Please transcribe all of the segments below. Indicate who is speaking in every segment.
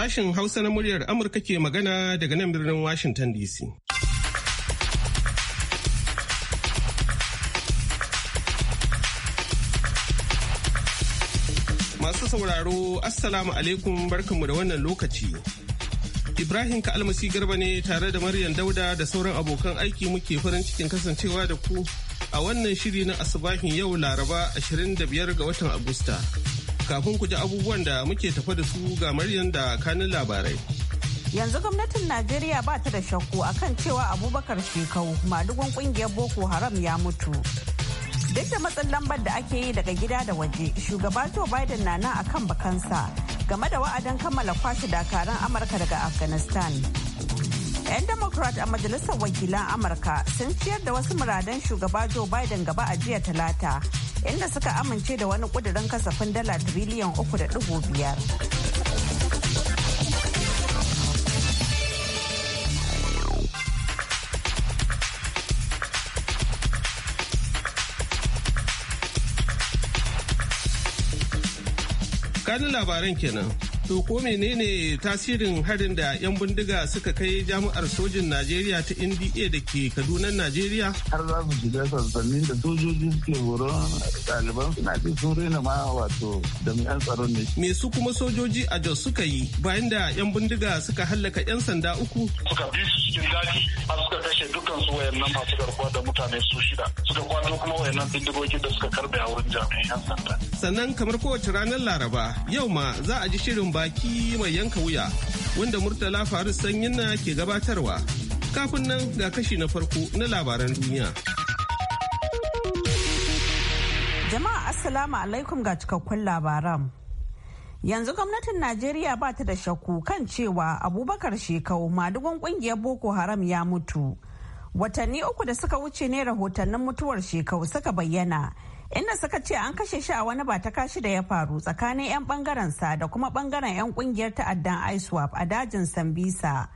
Speaker 1: Sashen Hausa na muryar Amurka ke magana daga nan birnin Washington DC. Masu sauraro, Assalamu alaikum barkanmu da wannan lokaci. Ibrahim Ka'almasi Garba ne tare da Maryam Dauda da sauran abokan aiki muke farin cikin kasancewa da ku a wannan shiri na asubahin yau Laraba 25 ga watan Agusta. kafin ku ji abubuwan da muke tafa da su ga Maryam da kanin labarai.
Speaker 2: Yanzu gwamnatin Najeriya ba ta da shakku akan cewa Abubakar Shekau madugun kungiyar Boko Haram ya mutu. Duk da matsin lambar da ake yi daga gida da waje, shugaba Joe Biden na nan akan bakansa game da wa'adan kammala kwashe dakaran Amurka daga Afghanistan. 'Yan Democrat a Majalisar Wakilan Amurka sun ciyar da wasu muradan shugaba Joe Biden gaba a jiya Talata. inda suka amince da wani kudirin kasafin dala tiriliyan uku da dubu biyar.
Speaker 1: Kanin labaran kenan. To ko menene tasirin harin da 'yan bindiga suka kai jami'ar sojin Najeriya ta NDA da ke Kaduna Najeriya? Har za mu shiga sassanin da sojoji suke horon ɗaliban suna ce sun rena ma wato 'yan tsaron ne. Me su kuma sojoji a Jos suka yi bayan da 'yan bindiga suka hallaka 'yan sanda uku?
Speaker 3: Suka bi cikin daji har suka kashe dukkan su wayannan masu garkuwa da mutane su shida suka kwato kuma wayannan bindigogi da suka karbe a wurin jami'an sanda
Speaker 1: sannan kamar kowace ranar laraba yau ma za a ji shirin baki mai yanka wuya wanda murtala faru sanyin na ke gabatarwa kafin nan ga kashi na farko na labaran duniya
Speaker 2: jama'a assalamu alaikum ga cikakkun labaran yanzu gwamnatin najeriya ba ta da shakku kan cewa abubakar shekau madugun kungiyar boko haram ya mutu watanni uku da suka wuce ne rahotannin mutuwar shekau suka bayyana inda suka ce an kashe shi a wani ba ta kashi da ya faru tsakanin 'yan bangaren sa da kuma bangaren 'yan kungiyar ta'addan iswap a dajin sambisa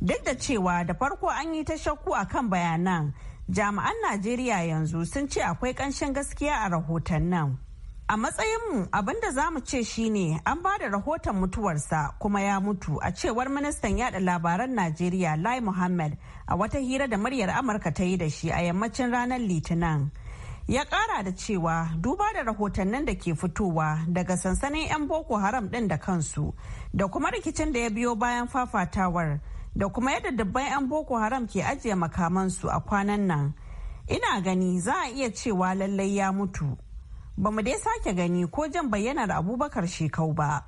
Speaker 2: duk da cewa da farko an yi ta shakku a kan bayanan jami'an najeriya yanzu sun ce akwai ƙanshin gaskiya a rahotannin. A matsayinmu abin da za mu ce shine an ba da rahoton mutuwarsa kuma ya mutu a cewar ministan yada labaran Najeriya Lai Muhammad a wata hira da muryar Amurka ta yi da shi a yammacin ranar Litinin. Ya kara da cewa duba da rahotannin da ke fitowa daga sansanin 'yan Boko Haram ɗin da kansu da kuma rikicin da ya biyo bayan fafatawar da kuma yadda dubban 'yan Boko Haram ke ajiye makamansu a kwanan nan. Ina gani za a iya cewa lallai ya mutu. ba mu dai sake gani ko jan bayyanar abubakar shekau ba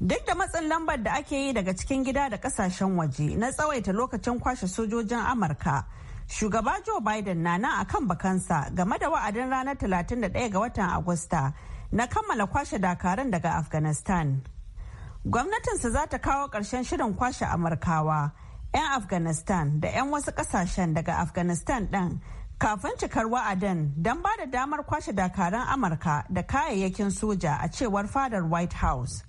Speaker 2: duk da matsin lambar da ake yi daga cikin gida da kasashen waje na tsawaita lokacin kwashe sojojin amurka shugaba joe biden na nan akan bakansa game da wa'adin ranar 31 ga watan agusta na kammala kwashe dakaran daga afghanistan gwamnatinsa za ta kawo ƙarshen shirin kwashe amurkawa 'yan afghanistan da 'yan wasu ƙasashen daga afghanistan ɗin kafin cikar wa'adin don ba da damar kwashe dakaran amurka da kayayyakin soja a cewar fadar white house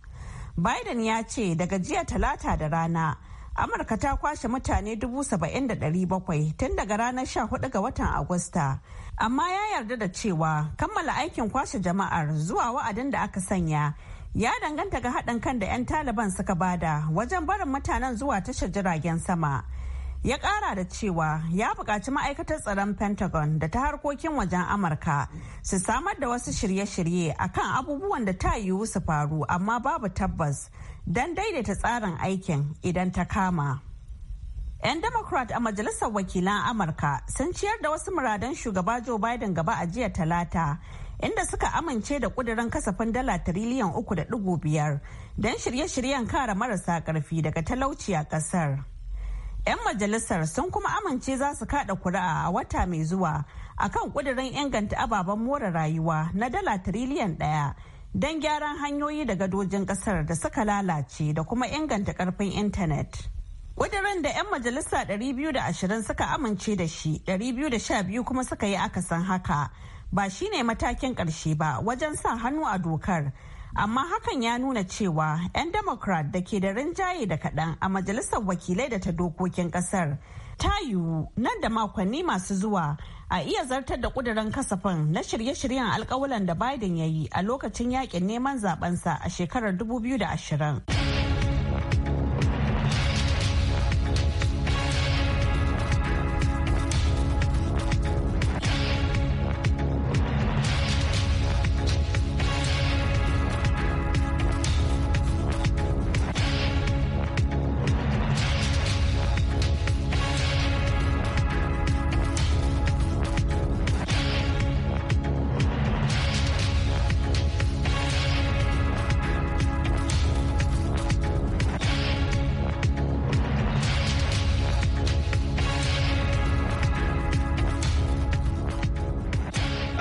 Speaker 2: biden ya ce daga jiya talata da rana amurka ta kwashe mutane bakwai tun daga ranar 14 ga watan agusta amma ya yarda da cewa kammala aikin kwashe jama'ar zuwa wa'adin da aka sanya ya danganta ga haɗin kan da 'yan taliban suka bada wajen barin mutanen zuwa tashar jiragen sama. ya kara da cewa ya buƙaci ma'aikatar tsaron pentagon da ta harkokin wajen amurka su samar da wasu shirye-shirye akan abubuwan da ta yiwu su faru amma babu tabbas don daidaita tsarin aikin idan ta kama 'yan democrat a majalisar wakilan amurka sun ciyar da wasu muradan shugaba joe biden gaba a jiya talata inda suka amince da kudirin kasafin dala tiriliyan uku da biyar don shirye-shiryen kara marasa karfi daga talauci a kasar. 'Yan majalisar sun kuma amince za su kada kuri'a a wata mai zuwa akan kudirin inganta ababen more rayuwa na dala tiriliyan daya don gyaran hanyoyi da gadojin kasar da suka lalace da kuma inganta karfin intanet. Kudirin da 'yan majalisa 220 suka amince da shi 212 kuma suka yi akasin haka ba shine matakin ƙarshe ba wajen sa hannu a dokar. amma hakan ya nuna cewa 'yan democrat da ke da rinjaye da kaɗan a majalisar wakilai da ta dokokin ƙasar ta yiwu nan da makonni masu zuwa a iya zartar da kudurin kasafin na shirye-shiryen alkawalan da biden ya yi a lokacin yakin neman zabensa a shekarar 2020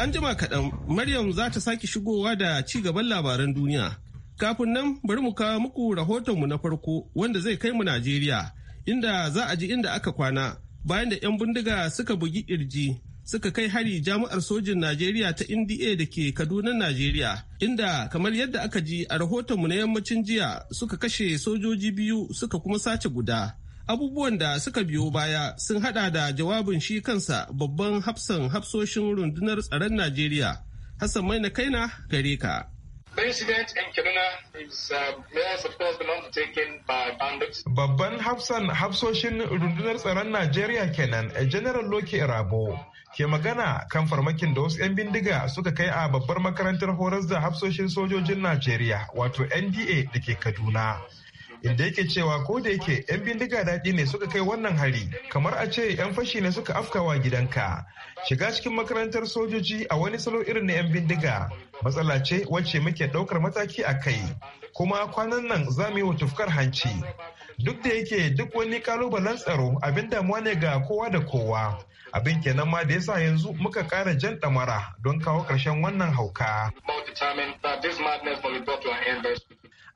Speaker 1: An jima kaɗan Maryam za ta sake shigowa da ci gaban labaran duniya. Kafin nan bari mu kawo muku rahotonmu na farko wanda zai kai mu Najeriya inda za a ji inda aka kwana bayan da 'yan bindiga suka bugi kirji suka kai hari jami'ar sojin Najeriya ta NDA da ke Kaduna Najeriya inda kamar yadda aka ji a rahotonmu na yammacin jiya suka kashe sojoji biyu suka kuma sace guda. abubuwan da suka biyo baya sun hada da jawabin shi kansa babban hafsan hafsoshin rundunar tsaron najeriya
Speaker 4: hassan mai na kaina gare ka uh, Babban hafsan hafsoshin rundunar tsaron Najeriya kenan eh, General Loke Rabo ke magana kan farmakin da wasu 'yan bindiga suka kai a babbar makarantar horas da hafsoshin sojojin Najeriya wato NDA da ke Kaduna. inda yake cewa ko da yake 'yan bindiga daɗi ne suka kai wannan hari kamar a ce 'yan fashi ne suka afkawa gidanka shiga cikin makarantar sojoji a wani salo irin na 'yan bindiga matsala ce wacce muke ɗaukar mataki a kai kuma kwanan nan za mu yi wa tufkar hanci duk da yake duk wani kalubalen tsaro abin damuwa ne ga kowa da kowa abin kenan ma da sa yanzu muka kara jan ɗamara don kawo ƙarshen wannan hauka.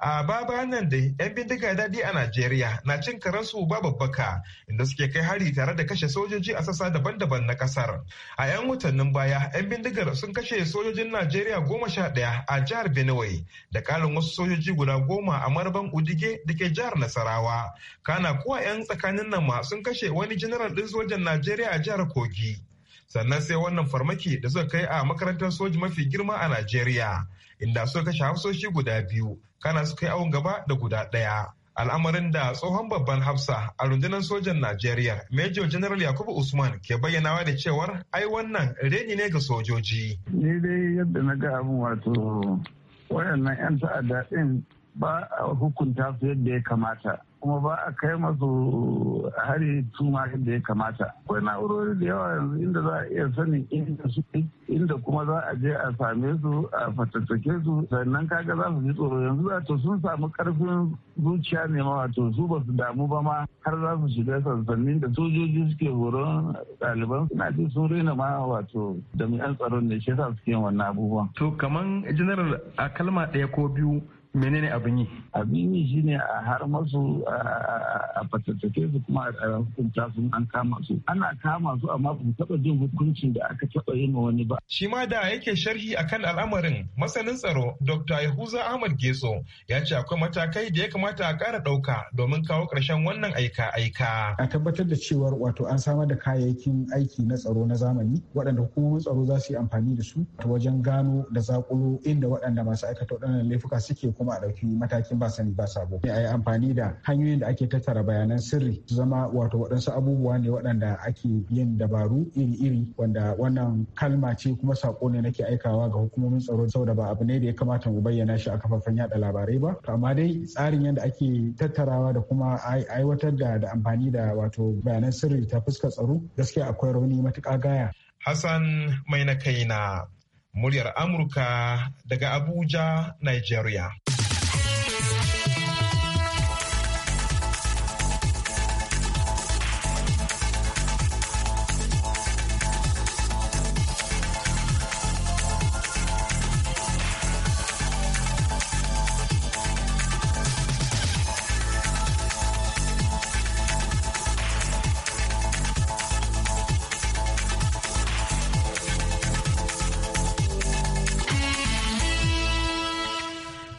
Speaker 4: A baba nan da 'yan bindiga daɗi a Najeriya na cin karansu ba babbaka inda suke kai hari tare da kashe sojoji a sassa daban-daban na ƙasar. A 'yan watannin baya 'yan bindigar sun kashe sojojin Najeriya goma sha ɗaya a jihar Benue da kalin wasu sojoji guda goma a marban Udige da ke jihar Nasarawa. Kana kuwa 'yan tsakanin nan ma sun kashe wani jeneral ɗin sojan Najeriya a jihar kogi sannan sai wannan farmaki da suka kai a makarantar soji mafi girma a najeriya inda suka kashe hafsoshi guda biyu kana suka yi awon gaba da guda ɗaya al'amarin da tsohon babban hafsa a rundunar sojan najeriya major general yakubu usman ke bayyanawa da cewar ai wannan reni ne ga sojoji
Speaker 5: ni dai yadda na ga abin wato wayannan 'yan ta'adda ɗin ba a hukunta su yadda ya kamata kuma ba a kai masu hari tuma yadda ya kamata akwai na'urori da yawa yanzu inda za a iya sanin inda su inda kuma za a je a same su a fatattake su sannan kaga za su ji tsoro yanzu za to sun samu karfin zuciya ne ma wato su ba su damu ba ma har za su shiga sansannin da sojoji suke horon ɗaliban suna ji sun raina ma wato jami'an tsaron ne shi yasa suke wannan abubuwan.
Speaker 4: to kaman general a kalma ɗaya ko biyu menene abin yi
Speaker 5: abin yi shine a har masu a fatattake su kuma a hukunta su an kama su ana kama su amma ba taba jin hukuncin da aka taba yi ma wani ba
Speaker 4: shi ma da yake sharhi akan al'amarin masanin tsaro dr yahuza ahmad geso ya ce akwai matakai da ya kamata a kara dauka domin kawo karshen wannan aika aika a tabbatar da cewa wato an samar da kayayyakin aiki na tsaro na zamani waɗanda hukumomin tsaro za su yi amfani da su wajen gano da zakulo inda waɗanda masu aikata waɗannan laifuka suke kuma a ɗauki matakin ba sani ba sabo a yi amfani da hanyoyin da ake tattara bayanan sirri su zama wato waɗansu abubuwa ne waɗanda ake yin dabaru iri-iri wanda wannan kalma ce kuma sako ne nake aikawa ga hukumomin tsaro saboda ba abu ne da ya kamata mu bayyana shi a kafafen yaɗa labarai ba to amma dai tsarin yadda ake tattarawa da kuma aiwatar da amfani da wato bayanan sirri ta fuskar tsaro gaskiya akwai rauni matuƙa gaya Hassan mai na kai na muryar Amurka daga Abuja, Nigeria.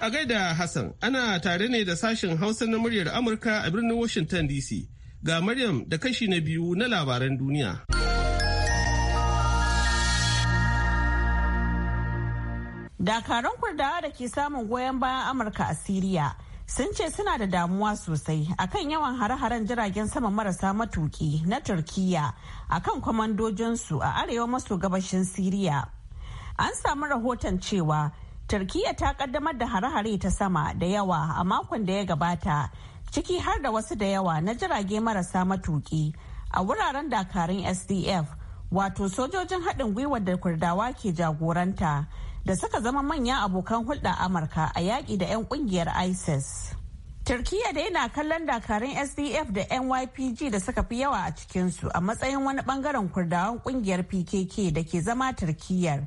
Speaker 1: A gaida Hassan, ana tare ne da sashen Hausa na muryar Amurka a birnin Washington DC. Ga Maryam da kashi na biyu
Speaker 2: na labaran duniya. Dakaran Kurdawa da ke samun goyon bayan Amurka a Siriya sun ce suna da damuwa sosai akan yawan hare-haren jiragen sama marasa matuki na Turkiyya akan kwamandojinsu a arewa maso gabashin Siriya. An samu rahoton cewa Turkiyya ta kaddamar da hare-hare ta sama da yawa a makon da ya gabata, ciki har da wasu da yawa na jirage marasa matuki a wuraren dakarun SDF, wato sojojin haɗin gwiwar da Kurdawa ke jagoranta da suka zama manyan abokan hulɗa Amurka a yaƙi da 'yan ƙungiyar ISIS. Turkiyya dai na kallon dakarun SDF da NYPG da suka fi yawa a cikinsu a matsayin wani ɓangaren kurdawan ƙungiyar PKK da ke zama Turkiyyar.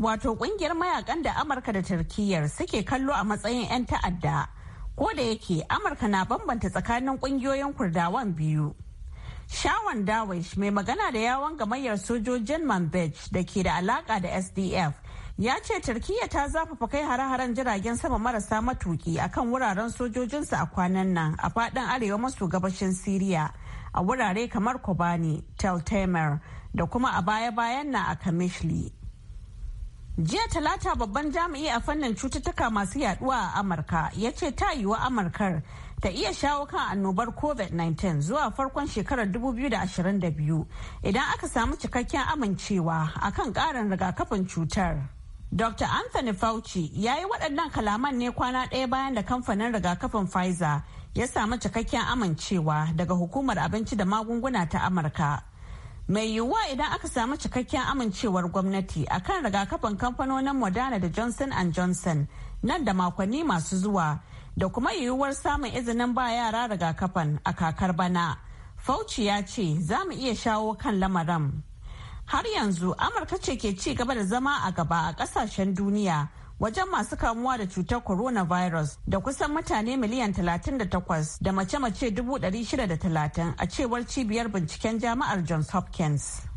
Speaker 2: wato kungiyar mayakan da amurka da turkiyyar suke kallo a matsayin 'yan ta'adda ko da yake amurka na bambanta tsakanin kungiyoyin kurdawan biyu shawan dawish mai magana da yawon gamayyar sojojin manbej da ke da alaka da sdf ya ce turkiyya ta zafafa kai hare-haren jiragen sama marasa matuki akan wuraren sojojinsu a kwanan nan a fadin arewa maso gabashin siriya a wurare kamar kobani teltemer da kuma a baya-bayan na a kamishli jiya talata babban jami'i a fannin cututtuka masu yaduwa a amurka ya ce ta yiwu amurkar ta iya shawo kan annobar covid-19 zuwa farkon shekarar 2022 idan aka samu cikakken amincewa akan karin rigakafin cutar. Dr. Anthony Fauci ya yi waɗannan kalaman ne kwana ɗaya bayan da kamfanin rigakafin Pfizer ya samu cikakken amincewa daga hukumar abinci da magunguna ta Amurka mai yiwuwa idan aka samu cikakken amincewar gwamnati akan rigakafin kamfanonin moderna da johnson johnson nan da makonni masu zuwa da kuma yiwuwar samun izinin ba yara rigakafin a kakar bana fauci ya ce za mu iya shawo kan lamarin har yanzu amurka ce ke ci gaba da zama a gaba a kasashen duniya wajen masu kamuwa da cutar coronavirus da kusan mutane miliyan 38 da mace-mace 630 a cewar cibiyar binciken jama'ar Johns Hopkins.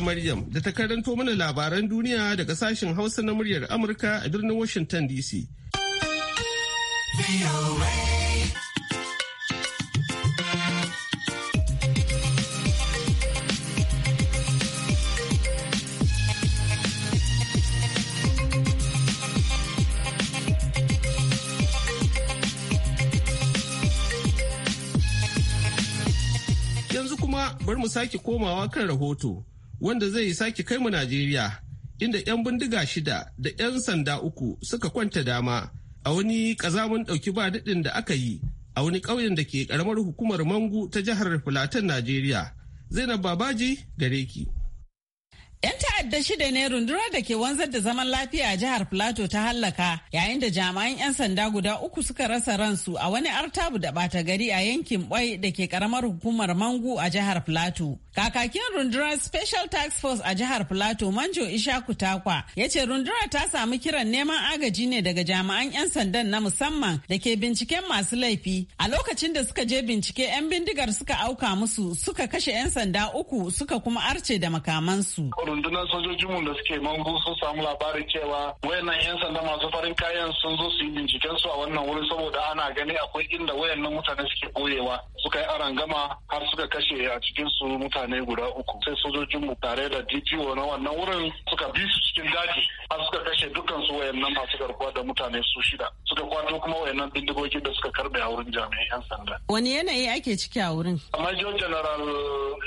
Speaker 1: Maryam da ta karanto mana labaran duniya daga sashen Hausa na muryar Amurka a birnin Washington DC. bari mu sake komawa kan rahoto wanda zai sake kai mu Najeriya inda 'yan bindiga shida da 'yan sanda uku suka kwanta dama a wani kazamin ɗauki ba daɗin da aka yi a wani ƙauyen da ke ƙaramar hukumar Mangu ta jihar Filatan Najeriya. Zainab Babaji gare ki.
Speaker 2: 'Yan ta'adda shida ne rundunar da ke wanzar da zaman lafiya a jihar Plateau ta hallaka yayin da jami'an 'yan sanda guda uku suka rasa ransu a wani artabu da bata gari a yankin bai da ke karamar hukumar Mangu a jihar Plateau. Kakakin rundunar Special Task Force a jihar Plateau Manjo Ishaku Takwa ya ce rundunar ta samu kiran neman agaji ne daga jami'an 'yan sandan na musamman da ke binciken masu laifi. A lokacin da suka je bincike 'yan bindigar suka auka musu suka kashe 'yan sanda uku suka kuma arce da makamansu.
Speaker 3: rundunar sojojinmu da suke mangu sun samu labarin cewa wayannan 'yan sanda masu farin kayan sun zo su yi binciken su a wannan wurin saboda ana gani akwai inda wayannan mutane suke boyewa suka yi arangama har suka kashe a cikin su mutane guda uku sai sojojinmu tare da DPO na wannan wurin suka bi su cikin daji har suka kashe dukkan su wayannan masu garkuwa da mutane su shida suka kwato kuma wayannan bindigogi da suka karbe a wurin jami'an
Speaker 2: 'yan sanda. Wani yanayi ake ciki a wurin?
Speaker 3: Major General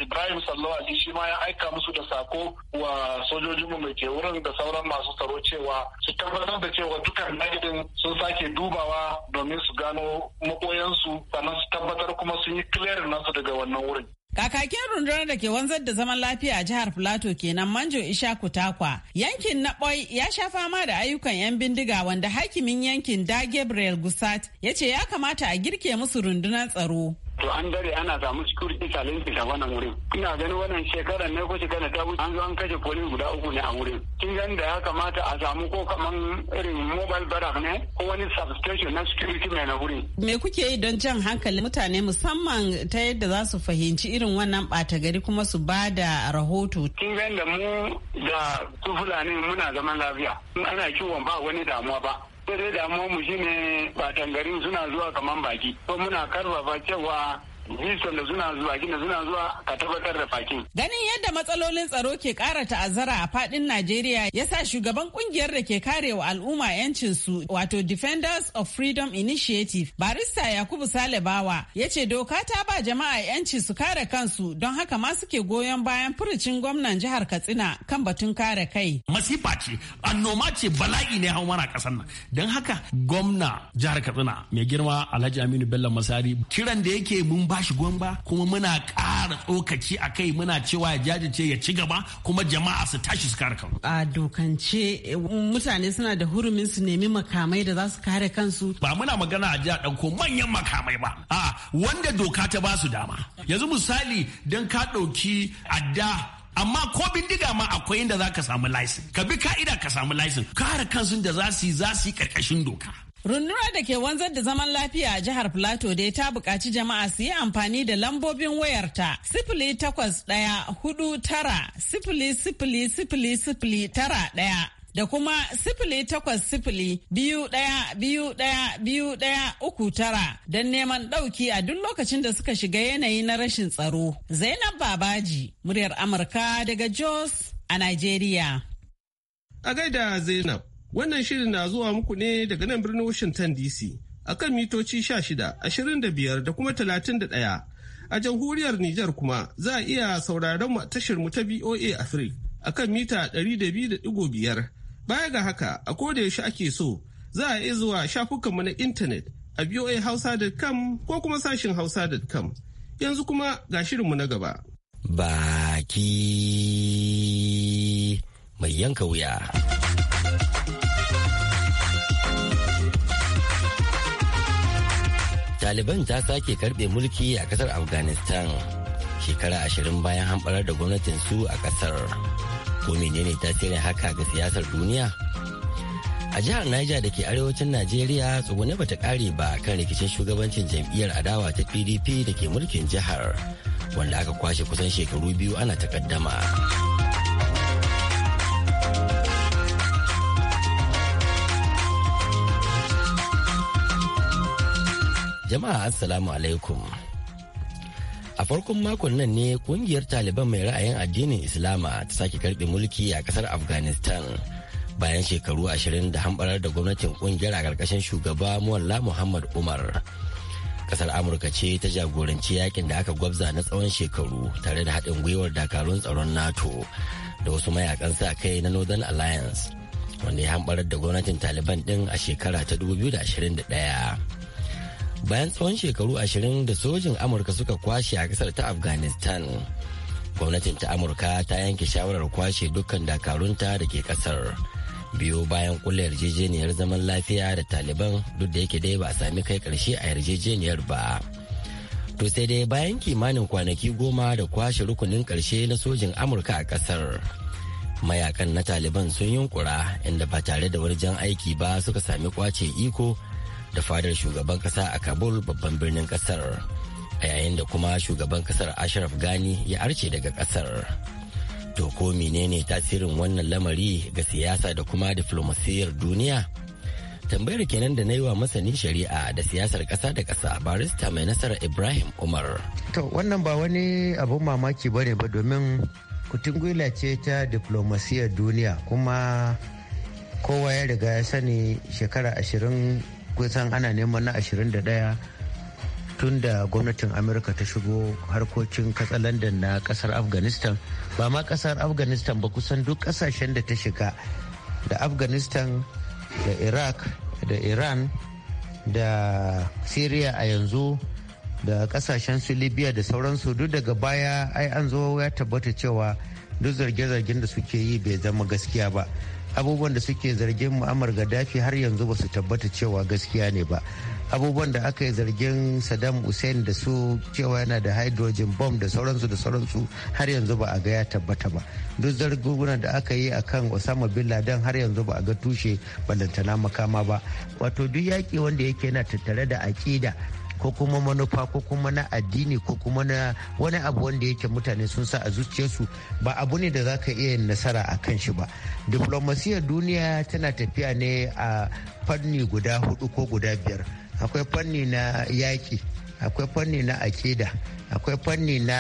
Speaker 3: Ibrahim Sallo Ali shi ma ya aika musu da sako wa sojojinmu mai ke wurin da sauran masu tsaro cewa su tabbatar da cewa dukkan nagidin sun sake dubawa domin su gano
Speaker 2: makoyansu sannan su tabbatar kuma sun yi clearing nasu daga wannan wurin. Kakakin rundunar da ke wanzar da zaman lafiya a jihar Filato kenan Manjo Ishaku Takwa. Yankin na Boy ya sha fama da ayyukan 'yan bindiga wanda hakimin yankin da Gabriel Gusat ya ce ya kamata a girke musu rundunar tsaro. to an dare ana samu security challenges a wannan wurin ina
Speaker 5: ganin wannan shekarar ne ko shekarar ta wuce an zo an kashe police guda uku ne a wurin kin gan da ya kamata a samu ko kaman
Speaker 3: irin mobile barrack ne ko wani substation na security mai na wurin
Speaker 2: me kuke yi don jan hankalin mutane musamman ta yadda za su fahimci irin wannan bata gari kuma su ba da rahoto kin ga da mu
Speaker 3: da su fulani muna zaman lafiya ana kiwon
Speaker 5: ba wani damuwa ba Sai dai damuwar mu shine batan garin suna zuwa kaman baki. to muna karfafa cewa Jison da suna zuwa gina suna zuwa ka tabbatar da fakin.
Speaker 2: Ganin yadda matsalolin tsaro ke ƙara ta'azzara a faɗin Najeriya ya sa shugaban ƙungiyar da ke kare wa al'umma 'yancin su wato Defenders of Freedom Initiative barista Yakubu salibawa ya ce doka ta ba jama'a 'yanci su kare kansu don haka ma suke goyon bayan furucin gwamnan jihar Katsina kan batun kare kai.
Speaker 5: Masifa ce annoma ce bala'i
Speaker 6: ne hau mana ƙasar nan don haka gwamna jihar Katsina mai girma Alhaji Aminu Bello Masari kiran da yake mun ba bashi gwan ba kuma muna ƙara tsokaci a kai muna cewa ya jajirce ya ci gaba kuma jama'a su tashi su kare kansu.
Speaker 2: A dokance eh, mutane suna da hurumin su nemi makamai da za su kare kansu. Ba
Speaker 6: muna magana a jiya ɗauko manyan makamai ba. A wanda doka ta basu dama. Yanzu misali don ka ɗauki adda amma ko bindiga ma akwai inda za ka samu laisin ka bi ka'ida ka samu laisin kare kansu da za su yi za su yi karkashin doka
Speaker 2: Rundunar da ke wanzar da zaman lafiya a jihar Filato dai ta buƙaci jama'a su yi amfani da lambobin wayarta sifili takwas ɗaya hudu tara sifili sifili sifili sifili tara ɗaya da kuma sifili takwas sifili biyu ɗaya biyu ɗaya biyu ɗaya uku tara don neman ɗauki a duk lokacin da suka shiga yanayi na rashin tsaro. Zainab Babaji, muryar Amurka daga Jos a Najeriya.
Speaker 1: A gaida Zainab. Wannan shirin na zuwa muku ne daga nan birnin Washington DC akan mitoci 16, 25 da kuma 31. A jamhuriyar Nijar kuma za a iya sauraron tashar mu ta BOA Africa akan mita 200.5. Baya ga haka, a koda yaushe ake so, za a iya zuwa shafukanmu na intanet a voahausa.com ko kuma sashin hausa.com. Yanzu kuma ga shirinmu na gaba.
Speaker 6: Baki mai yanka wuya. taliban ta sake karbe mulki a kasar afghanistan shekara ashirin bayan hamɓarar da gwamnatin su a kasar ko menene tasirin haka ga siyasar duniya a jihar niger da ke arewacin najeriya tsugune bata kare ba kan rikicin shugabancin jam'iyyar adawa ta pdp da ke mulkin jihar wanda aka kwashe kusan shekaru biyu ana takaddama Jama'a Assalamu alaikum. A farkon makon nan ne kungiyar Taliban mai ra'ayin addinin Islama ta sake karbe mulki a kasar Afghanistan bayan shekaru ashirin da hambarar da gwamnatin kungiyar a karkashin shugaba Mualla Muhammad Umar. Kasar Amurka ce ta jagoranci yakin da aka gwabza na tsawon shekaru tare da haɗin gwiwar dakarun tsaron NATO da wasu mayakan sa kai na Northern Alliance wanda ya hambarar da gwamnatin Taliban ɗin a shekara ta 2021. bayan tsawon shekaru ashirin da sojin amurka suka kwashe a kasar ta afghanistan gwamnatin ta amurka ta yanke shawarar kwashe dukkan dakarunta da ke kasar biyo bayan kula yarjejeniyar zaman lafiya da taliban duk da yake dai ba a sami kai karshe a yarjejeniyar ba to sai dai bayan kimanin kwanaki goma da kwashe rukunin karshe na sojin amurka a kasar mayakan na taliban sun yunkura inda ba tare da wani aiki ba suka sami kwace iko da fadar shugaban kasa a kabul babban birnin kasar a yayin da kuma shugaban kasar ashraf gani ya arce daga kasar to ko menene tasirin wannan lamari ga siyasa da kuma diplomasiyar duniya tambayar kenan da na yi wa masanin shari'a da siyasar ƙasa da ƙasa barista mai nasara ibrahim umar
Speaker 5: to wannan ba wani abin mamaki bane ba domin gwila ce ta diplomasiyar duniya kuma kowa ya riga ya sani shekara ashirin san ana neman na 21 tun da gwamnatin amurka ta shigo harkokin katsalandan na kasar afghanistan ba ma kasar afghanistan ba kusan duk kasashen da ta shiga da afghanistan da iraq da iran da syria a yanzu da kasashen su libya da sauransu duk daga baya ai an zo ya tabbata cewa duk zarge-zargen da suke yi bai zama gaskiya ba abubuwan da suke zargin mu'amar gaddafi har yanzu ba su tabbata cewa gaskiya ne ba abubuwan da aka yi zargin saddam hussein da su cewa yana da hydrogen bomb da sauransu da sauransu har yanzu ba a ga ya tabbata ba duk zargunan da aka yi akan osama bin laden har yanzu ba a ga tushe ballantana makama ba wato duk yaƙi wanda yake yana tattare da aƙida ko kuma manufa ko kuma na addini ko kuma na wani abu wanda yake mutane sun sa a zuciyarsu ba abu ne da za ka iya yin nasara a kan shi ba diplomasiyar duniya tana tafiya ne a fanni guda hudu ko guda biyar akwai fanni na yaƙi akwai fanni na akida akwai fanni na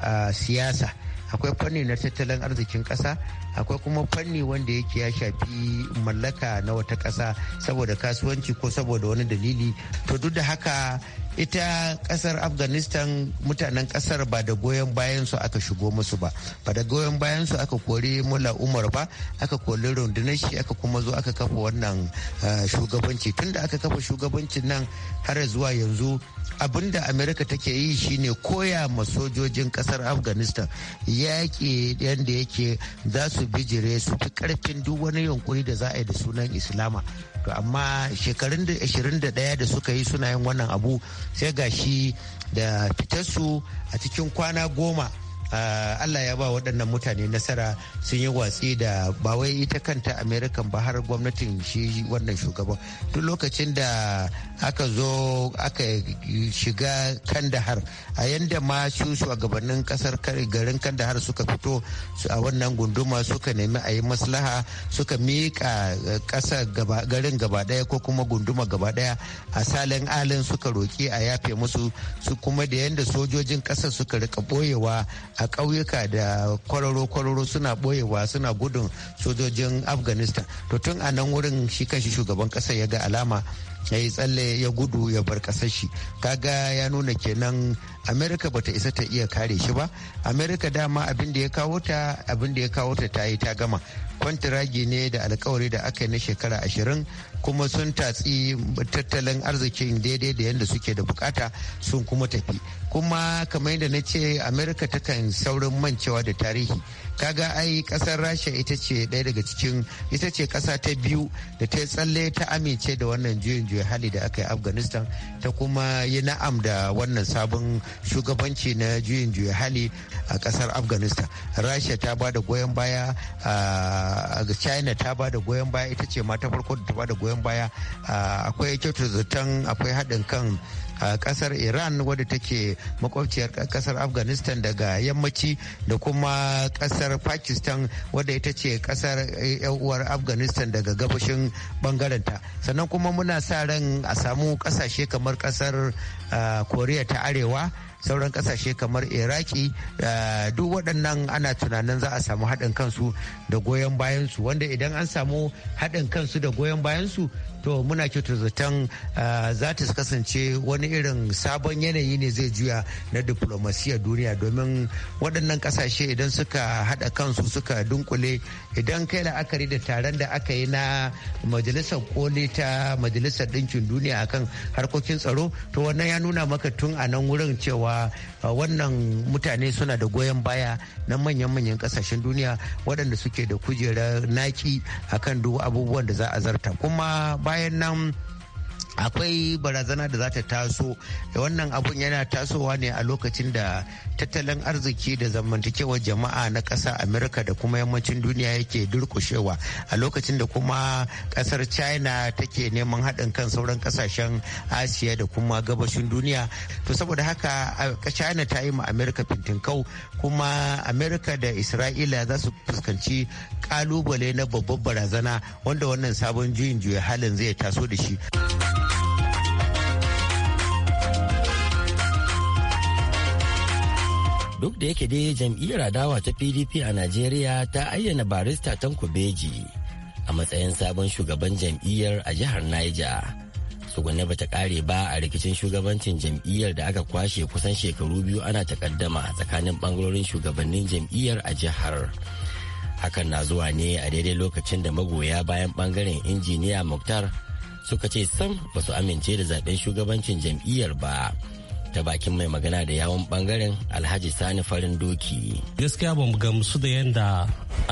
Speaker 5: ah, siyasa akwai fanni na tattalin arzikin ƙasa akwai kuma fanni wanda yake ya shafi mallaka na wata ƙasa saboda kasuwanci ko saboda wani dalili to duk da haka ita kasar afghanistan mutanen kasar ba da goyon bayan su aka shigo musu ba ba da goyon bayan su aka kori mula umar ba aka kori rundunar shi aka kuma zo aka kafa wannan eh, shugabanci tunda aka kafa shugabancin nan har zuwa yanzu abin da amerika take yi shine koya ma sojojin kasar afghanistan yaƙi yadda yake za su bijire su fi karfin duk wani yunkuri da za a yi da sunan islama to amma shekarun da 21 da suka yi suna yin wannan abu sai gashi da fitarsu a cikin kwana goma Ah, Allah ya ba waɗannan mutane nasara sun yi watsi da ba wai ita kanta Amerikan ba har gwamnatin shi wannan shugaban. Duk lokacin da aka zo aka shiga Kandahar a yadda ma su shugabannin kasar garin Kandahar suka fito a wannan gunduma suka nemi a yi maslaha suka miƙa eh, ƙasa garin gaba ɗaya ko kuma gunduma gaba ɗaya a salin alin suka roƙi a yafe musu su kuma da yadda sojojin ƙasar suka rika ɓoyewa a ƙauyuka da kwararo-kwararo suna ɓoyewa suna gudun sojojin afghanistan to tun a nan wurin shi kanshi shugaban ƙasa ya ga alama ya yi tsalle ya gudu ya bar kasar shi kaga ya nuna kenan amerika ta isa ta iya kare shi ba amerika dama abin da ya kawo ta abin da ya kawo ta ta yi ta gama kwantiragi ne da alkawari da aka yi na shekara ashirin kuma sun tatsi tattalin arzikin daidai da yadda suke da bukata sun kuma tafi kuma kamar yadda na ce amerika takan saurin mancewa da tarihi kaga ai kasar rasha ita ce ɗaya daga cikin ita ce kasa ta biyu da ta tsalle ta amince da wannan juyin juya hali da aka yi afghanistan ta kuma yi na'am da wannan sabon shugabanci na juyin juya hali a kasar afghanistan rasha ta ba da goyon baya a ah, china ta ba da goyon baya ita ce ma farko da ta ba da goyon baya akwai kyautar zaton akwai haɗin kan a kasar iran wadda take makwabciyar kasar afghanistan daga yammaci da kuma ƙasar pakistan wadda ita ce kasar e, uwar afghanistan daga gabashin bangarenta sannan kuma muna sa ran a samu ƙasashe kamar kasar korea ta arewa sauran kasashe kamar iraki eh, duk waɗannan ana tunanin za a samu haɗin kansu da goyon bayansu wanda idan an samu haɗin kansu da goyon bayansu to muna kyautar zaton ah, za ta kasance wani irin sabon yanayi ne zai juya na diplomasiyar duniya domin waɗannan ƙasashe idan suka haɗa kansu suka dunkule idan kai la'akari da taron da aka yi na majalisar koli ta majalisar ɗinkin duniya akan harkokin tsaro to wannan ya nuna maka tun a nan wurin cewa ah, wannan mutane suna da goyon baya na manyan-manyan ƙasashen duniya waɗanda suke da kujerar naki akan duk abubuwan da za a zarta kuma bayan nan akwai barazana da za ta taso wannan abun yana tasowa ne a lokacin da tattalin arziki da zamantakewar jama'a na ƙasa amerika da kuma yammacin duniya yake durkushewa a lokacin da kuma ƙasar china take neman haɗin kan sauran ƙasashen asiya da kuma gabashin duniya to saboda haka china ta yi ma fintin fintinkau kuma amerika da isra'ila za su fuskanci ƙalubale na babbar barazana wanda wannan sabon juyin juya halin zai taso da shi.
Speaker 6: duk da yake dai jam'iyyar adawa ta pdp a najeriya ta ayyana barista tanko beji a matsayin sabon shugaban jam'iyyar a jihar niger ba ta kare ba a rikicin shugabancin jam'iyyar da aka kwashe kusan shekaru biyu ana takaddama tsakanin bangarorin shugabannin jam'iyyar a jihar hakan na zuwa ne a daidai lokacin da magoya bayan bangaren injiniya muktar suka ce sam ba su amince da zaben shugabancin jam'iyyar ba. ta bakin mai magana da yawon bangaren alhaji sani farin doki
Speaker 3: gaskiya ba mu gamsu da yadda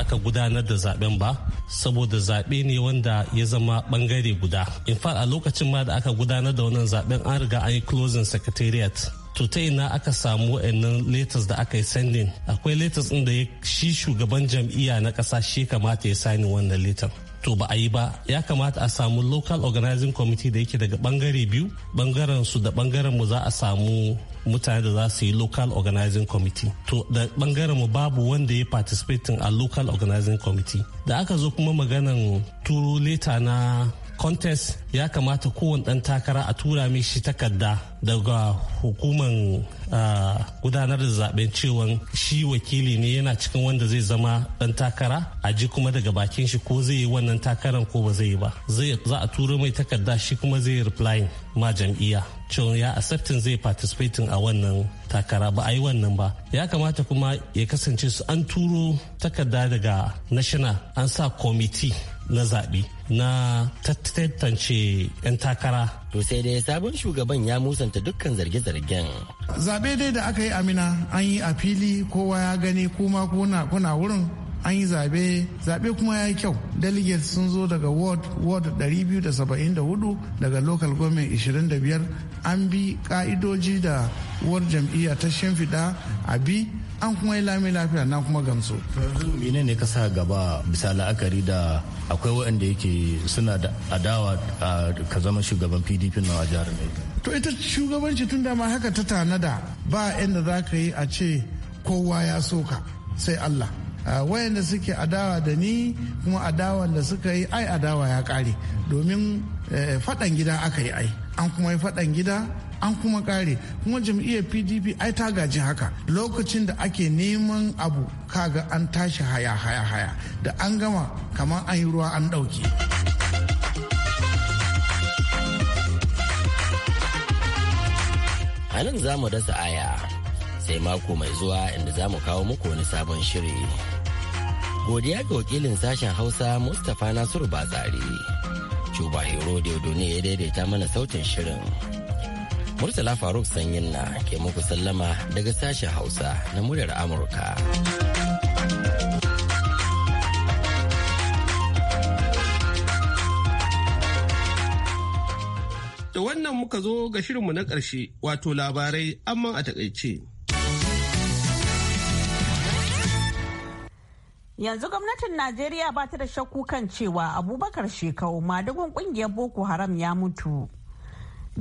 Speaker 3: aka gudanar da zaben ba saboda zaɓe ne wanda ya zama bangare guda in a lokacin ma da aka gudanar da wannan zaben an riga an yi closing secretariat to ta ina aka samu wa'annan letters da aka yi sending akwai letters din da shi shugaban jam'iyya na ƙasa shi kamata ya sani wannan letter to ba a yi ba ya kamata a samu local organizing committee da yake daga bangare biyu bangaren su da bangaren mu za a samu mutane da za su yi local organizing committee to da bangaren mu babu wanda ya participating a local organizing committee da aka zo kuma maganan turo leta na contest ya kamata kowane ɗan takara a tura shi takarda daga hukumar ah, gudanar da zaben cewa shi wakili ne yana cikin wanda zai zama ɗan takara a ji kuma daga bakin shi ko zai yi wannan takaran ko ba zai yi ba za a turo mai takarda shi kuma zai replying ma jam'iyya cewa ya accepting zai participating a wannan takara ba a yi wannan ba ya kamata kuma ya kasance su an turo takarda daga national an sa committee na zaɓe na tantance 'yan takara.
Speaker 6: To sai dai sabon shugaban ya musanta dukkan zarge-zargen.
Speaker 1: Zabe dai da aka yi amina an yi a fili kowa ya gani kuma kuna wurin an yi zabe zabe kuma ya yi kyau delegates sun zo daga ward ward 274 daga local government 25 an bi ka'idoji da ward jam'iyya ta shimfiɗa a bi an kuma yi lami lafiya na kuma gamsu.
Speaker 6: mene ne kasa gaba bisa la'akari da akwai waɗanda yake suna da adawa ka zama shugaban pdp na a jihar
Speaker 1: to ita shugabanci tun da ma haka ta tanada ba inda za ka yi a ce kowa ya so ka sai allah wayanda suke adawa da ni kuma adawa da suka yi ai adawa ya kare domin eh, faɗan gida aka yi ai an kuma yi faɗan gida an kuma kare kuma jam'iyyar pdp ai ta gaji haka lokacin da ake neman abu kaga an tashi haya haya haya da an gama kamar an yi ruwa an ɗauke.
Speaker 6: a nan za mu dasa aya sai mako mai zuwa inda za mu kawo muku wani sabon shiri godiya ga wakilin sashen hausa mustapha nasiru batsari cuba hero ne ya daidaita mana sautin shirin Murtala Faruk Sanyin na ke muku sallama daga sashen Hausa na muryar Amurka.
Speaker 1: Da wannan muka zo ga shirinmu na ƙarshe wato labarai amma a takaice.
Speaker 2: Yanzu gwamnatin Najeriya ba ta da shakku kan cewa abubakar shekau madugun kungiyar Boko Haram ya mutu.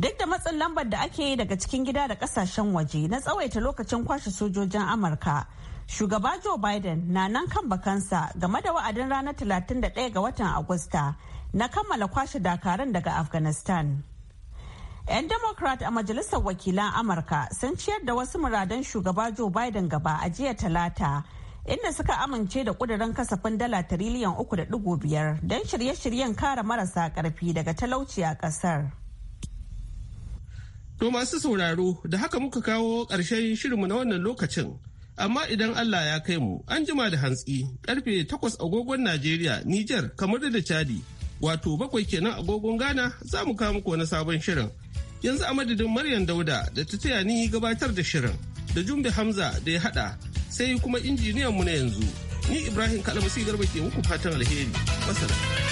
Speaker 2: Duk da matsin lambar da ake yi daga cikin gida da kasashen waje na tsawaita lokacin kwashe sojojin Amurka, shugaba Joe Biden na nan kan bakansa game da wa'adin ranar 31 ga watan Agusta na kammala kwashe dakaran daga Afghanistan. 'Yan Democrat a Majalisar Wakilan Amurka sun ciyar da wasu muradan shugaba Joe Biden gaba a jiya talata. inda suka amince da kudirin kasafin dala tiriliyan 3.5 don shirye-shiryen kare marasa karfi daga talauci a kasar.
Speaker 1: To masu sauraro da haka muka kawo ƙarshen shirinmu na wannan lokacin. Amma idan Allah ya kai mu an jima da hantsi karfe takwas agogon Najeriya, Nijar, kamar da Chadi. Wato bakwai kenan agogon Ghana za mu kawo muku wani sabon shirin. Yanzu a madadin Maryam Dauda da ta taya ni gabatar da shirin da Jumbe Hamza da ya haɗa sai kuma injiniyan mu na yanzu. Ni Ibrahim Kalamasi Garba ke muku fatan alheri. masala.